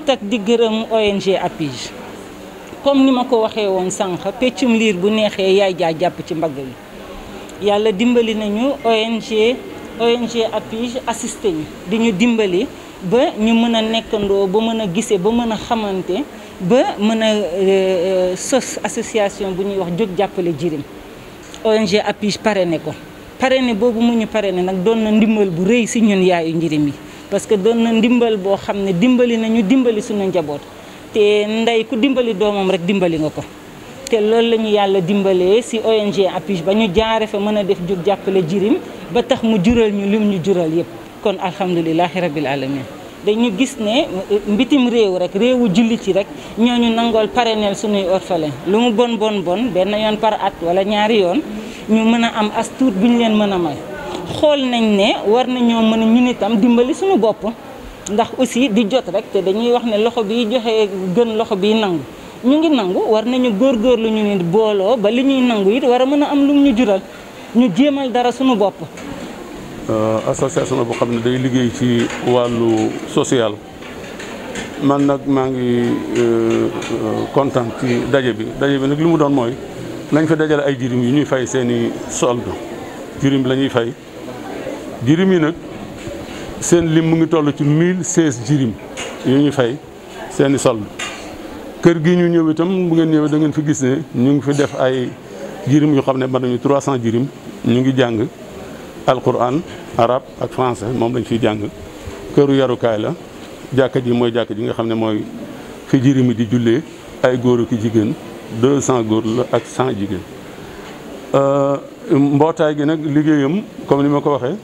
sant ak di gërëm ONG APIJ comme ni ma ko waxee woon sànq peccum liir bu neexee yaay jaa jàpp ci mbagg yi yàlla dimbali nañu ONG ONG APIJ assisté ñu di ñu dimbali ba ñu mën a nekkandoo ba mën a gisee ba mën a xamante ba mën a euh, euh, sos association bu ñuy wax jóg jàppale jirim ONG APIJ ne ko ne boobu mu ñu ne nag doon na ndimbal bu rëy si ñun yaayu njirim yi parce que doon na ndimbal bo xam dimbali nañu dimbali suñu njabot te nday ku dimbali domam rek dimbali nga ko té loolu lañu yalla dimbalé ci si ONG apiche bañu jaaré fa mëna def juk jappalé jirim ba tax mu jural ñu lim ñu jural yépp kon alhamdulilahi rabbil alamin dañu gis né euh, mbitim réew rek réewu julli ci rek ñoñu nangol parénel suñu orphelin lu mu bon bon bon ben yon par at wala ñaari yon ñu mëna am astour buñu leen mëna may xool nañ ne war nañoo mën ñu ñun itam dimbali suñu bopp ndax aussi di jot rek te dañuy wax ne loxo bi joxe gën loxo bi nangu ñu ngi nangu war nañu góorgóorlu ñu nit booloo ba li ñuy nangu it war a mën a am lu ñu jural ñu jéemal dara suñu bopp. Euh, association boo xam ne day liggéey ci wàllu social man nag maa ngi euh, kontaan ci daje bi daje bi nag li mu doon mooy nañ fa dajale ay jirim yu ñuy fay seen i solde jirim la ñuy fay. jirim yi nag seen lim mu ngi toll ci mille seize jirim yu ñu fay seeni bi kër gi ñu ñëw itam bu ngeen ñëwee da ngeen fi gis ne ñu ngi fi def ay jirim yoo xam ne mën nañu trois cent jirim ñu ngi jàng alquran arab ak français moom lañ fiy jàng këru yarukaay la jàkka ji mooy jàkka ji nga xam ne mooy fi jirim yi di jullee ay góor ki jigéen deux cent góor la ak cent jigéen euh, mbootaay gi nag liggéeyam comme ni ma ko waxee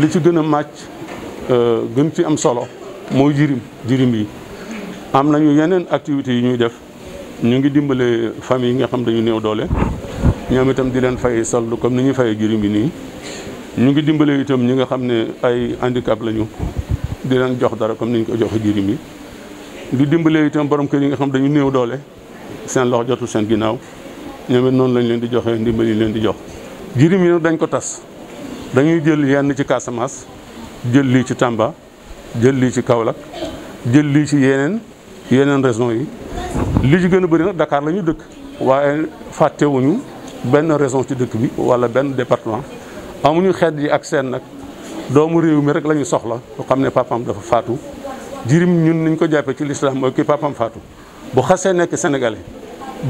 li ci gën a màcc euh, gën ci am solo mooy jirim jirim yi am nañu yeneen activités yi ñuy def ñu ngi dimbale famille yi nga xam dañu néew doole ñoom itam di leen fay soldu comme ni ñuy fayee jirim yi nii ñu ngi dimbale itam ñi nga xam ne ay handicap lañu di leen jox dara comme ni ñu ko joxe jirim yi di dimbalee itam borom kër yi nga xam dañu néew doole seen loxo jotul seen ginnaaw ñoom it noonu lañ leen di joxee ndimbali leen di jox jirim yi dañ ko tas dañuy jël yenn ci Casamance jël lii ci Tamba jël lii ci Kaolack jël lii ci yeneen yeneen raison yi li ci gën a bëri nag Dakar la dëkk waaye fàttewuñu benn région ci dëkk bi wala benn département amuñu xet yi ak seen nag doomu réew mi rek la soxla yoo xam ne papam dafa faatu jirim ñun nuñ ko jàppe ci lislaam mooy kii papam faatu bu xasee nekk sénégalais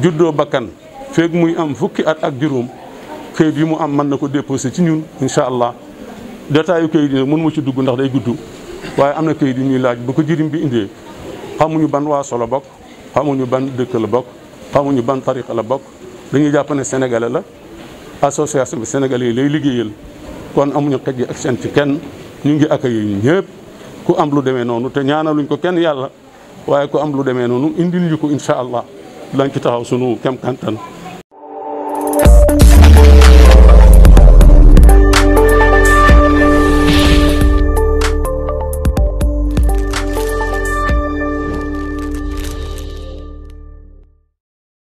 juddoo bakkan feeg muy am fukki at ak juróom këyit yi mu am man na ko déposé ci ñun incha allah détail yu këyit yi nag mënu ci dugg ndax day gudd waaye am na kayit yi ñuy laaj bu ko jëriñ bi indee xamuñu ban waa solo bokk xamuñu ban dëkk la bokk xamuñu ban tariqa la bokk dañuy jàpp ne sénégalais la association bi sénégalais yi lay liggéeyal kon amuñu xej yi ak seen ci kenn ñu ngi accueillir ñëpp ku am lu demee noonu te ñaanaluñ ko kenn yàlla waaye ku am lu demee noonu indi lu ñu ko incha allah dinañ ci taxaw sunu kem